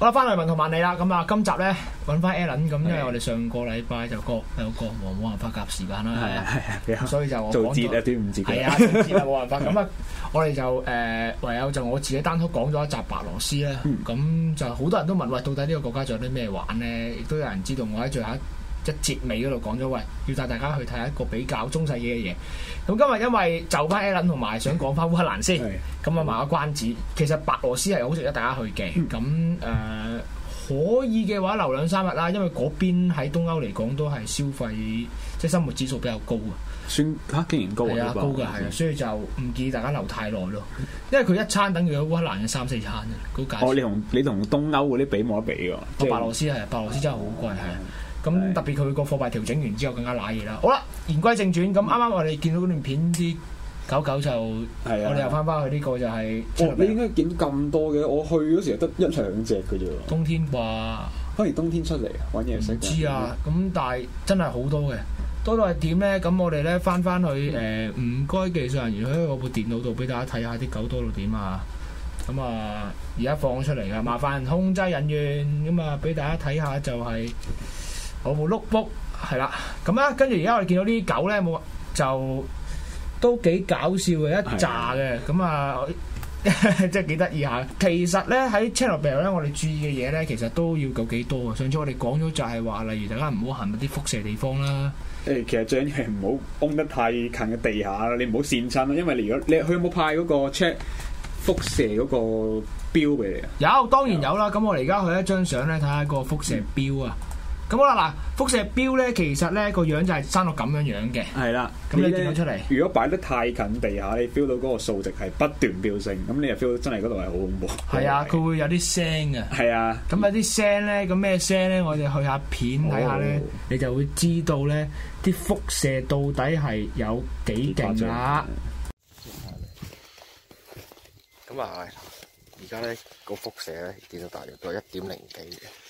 好啦，翻嚟文圖萬里啦，咁啊今集咧揾翻 Alan，咁因為我哋上個禮拜就各有各忙，冇辦法夾時間啦，係啊的，所以就我做節啊，都唔節，係啊，節啊冇辦法。咁啊， 我哋就誒唯有就我自己單口講咗一集白羅斯啦。咁 就好多人都問，喂，到底呢個國家仲有啲咩玩咧？亦都有人知道我喺最後。一節尾嗰度講咗，喂，要帶大家去睇一個比較中世紀嘅嘢。咁今日因為就翻 Allen 同埋想講翻烏克蘭先，咁啊，賣下關子。其實白羅斯係好值得大家去嘅。咁誒、嗯呃、可以嘅話留兩三日啦，因為嗰邊喺東歐嚟講都係消費即係、就是、生活指數比較高啊。算嚇，竟然高喎。係高㗎，係啊，所以就唔建議大家留太耐咯。因為佢一餐等於喺烏克蘭嘅三四餐啊。好介。哦，你同你同東歐嗰啲比冇得比㗎。白羅斯係白羅斯真係好貴，係啊。咁特別，佢個貨幣調整完之後更加瀨嘢啦。好啦，言歸正傳，咁啱啱我哋見到段片啲狗狗就，係啊，我哋又翻翻去呢個就係哦。你應該見咁多嘅，我去嗰時得一兩隻嘅啫。冬天啩，不如冬天出嚟揾嘢食。唔知啊，咁但係真係好多嘅，多到係點咧？咁我哋咧翻翻去誒，唔、呃、該技術人員喺我部電腦度俾大家睇下啲狗多到點啊！咁啊，而家放出嚟嘅，麻煩控制人員咁啊，俾大家睇下就係、是。我部 notebook 係啦，咁啊，跟住而家我哋見到啲狗咧，冇就都幾搞笑嘅一扎嘅，咁是的 樣啊，即 係幾得意下。其實咧喺 Chernobyl 咧，我哋注意嘅嘢咧，其實都要夠幾多嘅。上次我哋講咗就係話，例如大家唔好行到啲輻射地方啦。誒，其實最緊要係唔好踎得太近嘅地下啦，你唔好線親啦。因為你如果你佢有冇派嗰個 check 輻射嗰個表俾你啊？有，當然有啦。咁我哋而家去一張相咧，睇下個輻射表啊。咁好啦，嗱，輻射表咧，其實咧個樣就係生到咁樣樣嘅。係啦，咁你見到出嚟。如果擺得太近地下，你 feel 到嗰個數值係不斷飆升，咁你又 feel 到真係嗰度係好恐怖。係啊，佢會有啲聲啊。係啊，咁有啲聲咧，咁咩聲咧？我哋去下片睇下咧，你就會知道咧，啲輻射到底係有幾勁啊！咁啊，係，而家咧個輻射咧見到大約都係一點零幾嘅。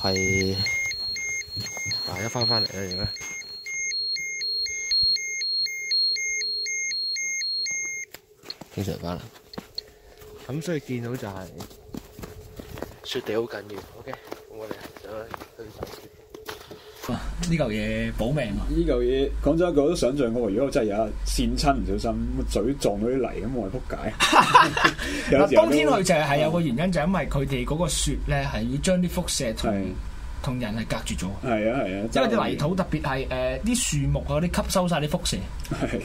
係，大一翻翻嚟啦，咁啊，經常翻啦。咁、嗯、所以見到就係、是、雪地好緊要。OK，我哋。呢嚿嘢保命啊！呢嚿嘢講真，我都想象過，如果真係有跣親，唔小心嘴撞到啲泥，咁我係仆街。 有冬天去就係有個原因，哦、就因為佢哋嗰個雪咧，係要將啲輻射同同是人係隔住咗。係啊係啊，啊因為啲泥土特別係誒啲樹木嗰啲吸收晒啲輻射。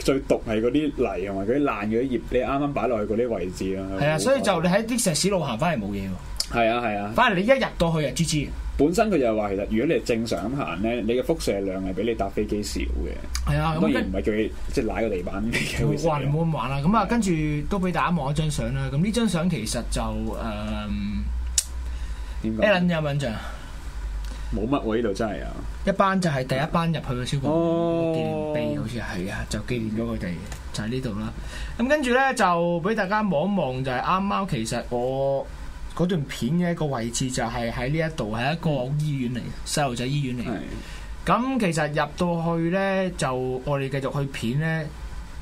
最毒係嗰啲泥同埋嗰啲爛嗰啲葉，你啱啱擺落去嗰啲位置啊。係啊，所以就你喺啲石屎路行翻嚟冇嘢㗎。係啊係啊，翻嚟、啊、 你一入到去啊，吱吱。 本身佢就係話，其實如果你係正常咁行咧，你嘅輻射量係比你搭飛機少嘅。係啊、嗯，當然唔係叫你即係是瀨個地板咁嘅回事。唔玩玩啦，咁啊，跟住都俾大家望一張相啦。咁呢對 張相其實就誒 Allen 有印象？冇乜喎，呢度真係啊！一班就係第一班入去嘅消防紀念碑好，好似係啊，就紀念咗佢哋，就喺、是、呢度啦。咁跟住咧就俾大家望一望，就係啱啱其實我。嗰段片嘅一個位置就係喺呢一度係一個醫院嚟嘅，細路仔醫院嚟嘅。咁是的 其實入到去咧，就我哋繼續去片咧。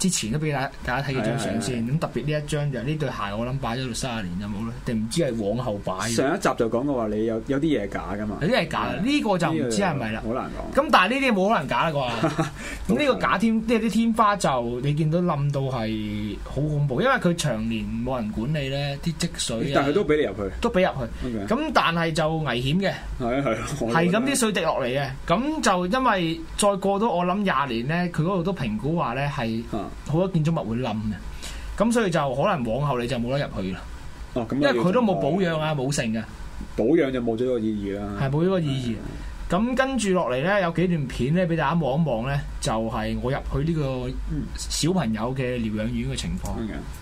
之前都俾大大家睇幾張相先，咁特別呢一張就呢對鞋，我諗擺咗度三十年有冇咧？定唔知係往後擺？上一集就講過話，你有有啲嘢假嘅嘛？有啲係假，呢個就唔知係咪啦。好難講。咁但係呢啲冇可能假啦啩？咁呢個假天，即係啲天花就你見到冧到係好恐怖，因為佢長年冇人管理咧，啲積水。但係都俾你入去。都俾入去。咁但係就危險嘅。係咁啲水滴落嚟嘅。咁就因為再過多我諗廿年咧，佢嗰度都評估話咧係。好多建築物會冧嘅，咁所以就可能往後你就冇得入去啦。啊、因為佢都冇保養啊，冇剩啊。保養就冇咗個意義啦、啊。係冇咗個意義。咁跟住落嚟咧，有幾段片咧，俾大家望一望咧，就係、是、我入去呢個小朋友嘅療養院嘅情況。嗯嗯 okay.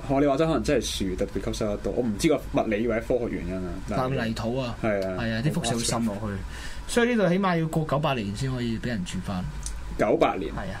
學你話齋可能真係樹特別吸收得到。我唔知個物理或者科學原因啊。但泥土啊，係啊，係啊，啲輻射會滲落去，所以呢度起碼要過九百年先可以俾人住翻。九百年係啊。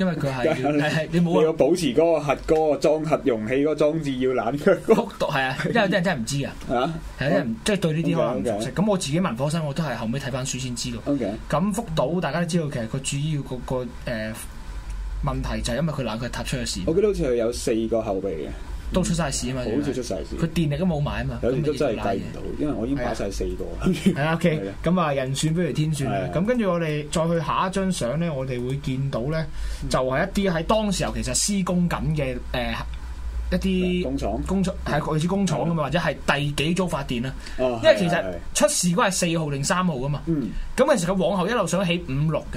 因為佢係係係，你冇要保持嗰個核嗰、嗰個裝核容器嗰個裝置要冷卻。福島係啊， 因為有啲人真係唔知啊。啊，有啲人即係對呢啲可能唔熟悉。咁 Okay, okay. 我自己文科生，我都係後尾睇翻書先知道。咁 Okay. 福島大家都知道，其實佢主要、嗰個、嗰個誒、呃、問題就係因為佢冷卻塔出咗事。我記得好似係有四個後備嘅。都出晒事啊嘛！好似出晒事，佢電力都冇買啊嘛！有啲真係計唔到，因為我已經買晒四個。係啊，OK，咁啊，人算不如天算啊！咁跟住我哋再去下一張相咧，我哋會見到咧，就係一啲喺當時候其實施工緊嘅誒一啲工廠，工廠係類似工廠咁嘛，或者係第幾組發電啊？因為其實出事嗰係四號定三號啊嘛。咁其實佢往後一路想起五六嘅。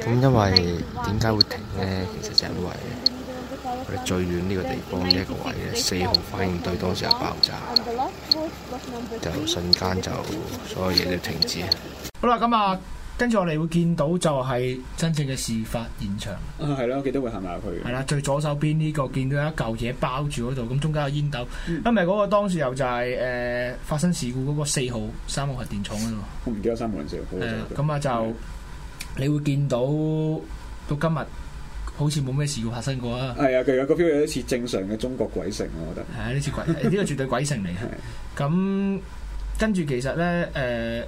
咁因為點解會停呢？其實就係因為佢最遠呢個地方一，這個位呢，四號反應堆當時就爆炸，就瞬間就所有嘢都停止。好啦，咁啊，跟住我哋會見到就係真正嘅事發現場。啊，係我記得會行埋去。係啦，最左手邊呢個見到一嚿嘢包住嗰度，咁中間有煙斗，嗯、因咪嗰個當時又就係、是、誒、呃、發生事故嗰個四號三號核電廠嗰度。我唔記得三號還是四號。咁啊就。你會見到到今日好似冇咩事要發生過啊！係啊，佢有個標，好似正常嘅中國鬼城，我覺得係呢次鬼呢個絕對鬼城嚟。咁跟住其實咧，誒，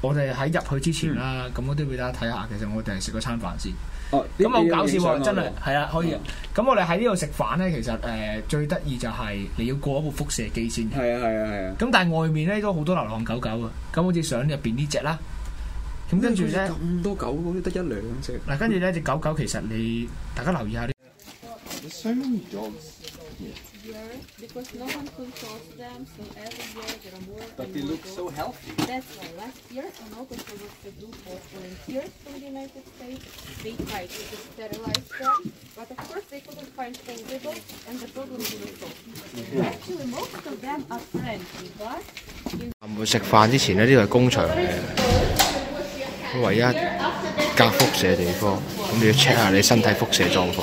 我哋喺入去之前啦，咁我都俾大家睇下。其實我哋係食個餐飯先，咁好搞笑，真係係啊，可以。咁我哋喺呢度食飯咧，其實誒最得意就係你要過一部輻射機先。係啊，係啊，係啊。咁但係外面咧都好多流浪狗狗啊，咁好似上入邊呢隻啦。咁跟住咧，多狗好似得一兩隻。嗱，跟住咧，隻狗狗其實你大家留意下啲。但係佢食飯之前咧，呢度係工場嘅。唯一隔輻射地方，咁你要 check 下你身體輻射狀況。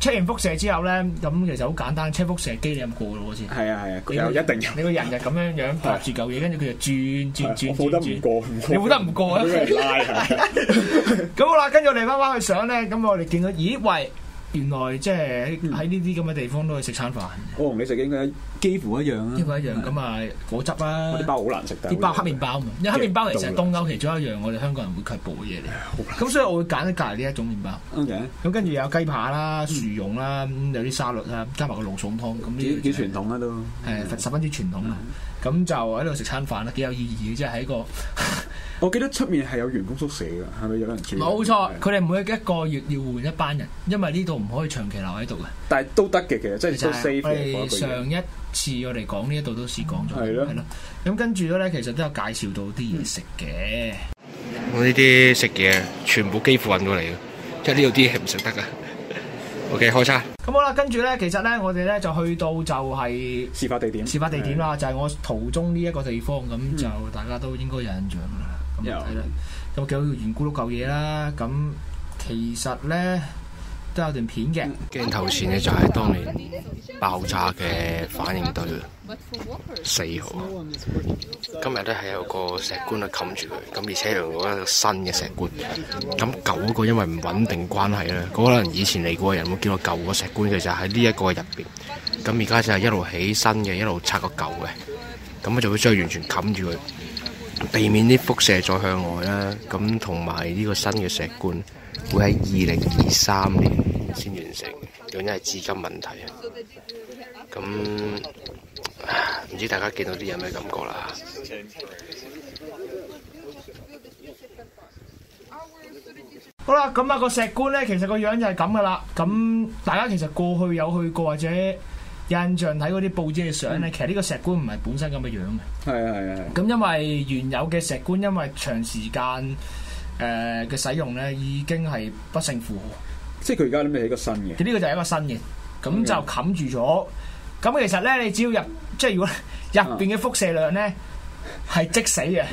check 完輻射之後咧，咁其實好簡單，check 輻射機你唔過咯，好似係啊係啊，佢、啊、你有一定有。你個人就咁樣樣攔住嚿嘢，跟住佢就轉轉轉、啊、轉。冇、啊、轉得唔過，你冇轉得唔過啊？咁好啦，跟住我哋翻返去上咧，咁我哋見到，咦喂！原來即係喺呢啲咁嘅地方都去食餐飯。我同你食嘅應該幾乎一樣啊。幾乎一樣咁啊，果汁啦，啲包好難食，啲包黑麪包啊，因為黑麪包其實東歐其中一樣我哋香港人會卻步嘅嘢嚟。咁所以我會揀隔籬呢一種麪包。咁跟住有雞扒啦、薯蓉啦、有啲沙律啦，加埋個羅宋湯。幾幾傳統啊都。誒，十分之傳統啊。咁就喺度食餐飯啦，幾有意義嘅，即係喺個。 我記得出面係有員工宿舍㗎，係咪有人住？冇錯，佢哋的每一個月要換一班人，因為呢度唔可以長期留喺度嘅。但係都得嘅，其實即係的都 save 上一次我哋講呢一度都試講咗，係咯。咁跟住咧，其實都有介紹到啲嘢、嗯、食嘅。我呢啲食嘢全部幾乎運到嚟嘅，即係呢度啲係唔食得㗎。O.K. 開車，咁好啦。跟住咧，其實咧，我哋咧就去到就係、是、事發地點，事發地點啦，的就係我途中呢一個地方。咁就大家都應該有印象啦。有咁幾條圓咕碌舊嘢啦。咁其實咧。都有段片嘅鏡頭前咧，就係當年爆炸嘅反應堆四號。今日咧係有個石棺啊，冚住佢。咁而且用咗一個新嘅石棺。咁舊嗰個因為唔穩定關係咧，嗰可能以前嚟過嘅人會見到舊個石棺，其實喺呢一個入邊。咁而家就係一路起新嘅，一路拆個舊嘅。咁咧就會將佢完全冚住佢，避免啲輻射再向外啦。咁同埋呢個新嘅石棺會喺二零二三年先完成，原因係資金問題啊！咁唔知大家見到啲有咩感覺啦？好啦，咁、那、啊個石棺咧，其實個樣就係咁噶啦。咁大家其實過去有去過或者印象睇嗰啲報紙嘅相咧，嗯、其實呢個石棺唔係本身咁嘅樣嘅。係啊係啊！咁因為原有嘅石棺，因為長時間誒嘅、呃、使用咧，已經係不勝負荷。即係佢而家諗住起個新嘅，佢呢個就係一個新嘅，咁就冚住咗。咁其實咧，你只要入，即係如果入邊嘅輻射量咧係即死嘅，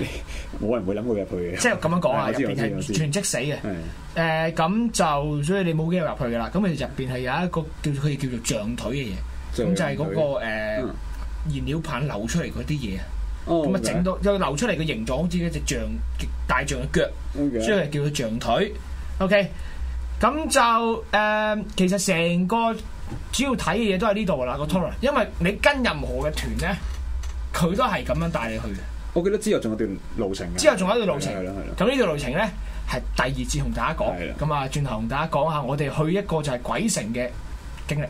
冇人會諗過入去嘅。即係咁樣講啊，入邊係全即死嘅。誒，咁就所以你冇機會入去噶啦。咁其實入邊係有一個叫佢哋叫做象腿嘅嘢，咁就係嗰個誒燃料棒流出嚟嗰啲嘢。哦，咁啊整到就流出嚟嘅形狀好似一隻象大象嘅腳，所以係叫做象腿。OK。咁就誒、呃，其實成個主要睇嘅嘢都喺呢度啦，個 tour，因為你跟任何嘅團咧，佢都係咁樣帶你去嘅。我記得之後仲有段路程。之後仲有一段路程。係啦，係啦。咁呢段路程咧係第二次同大家講。係啦。咁啊，轉頭同大家講下我哋去一個就係鬼城嘅經歷。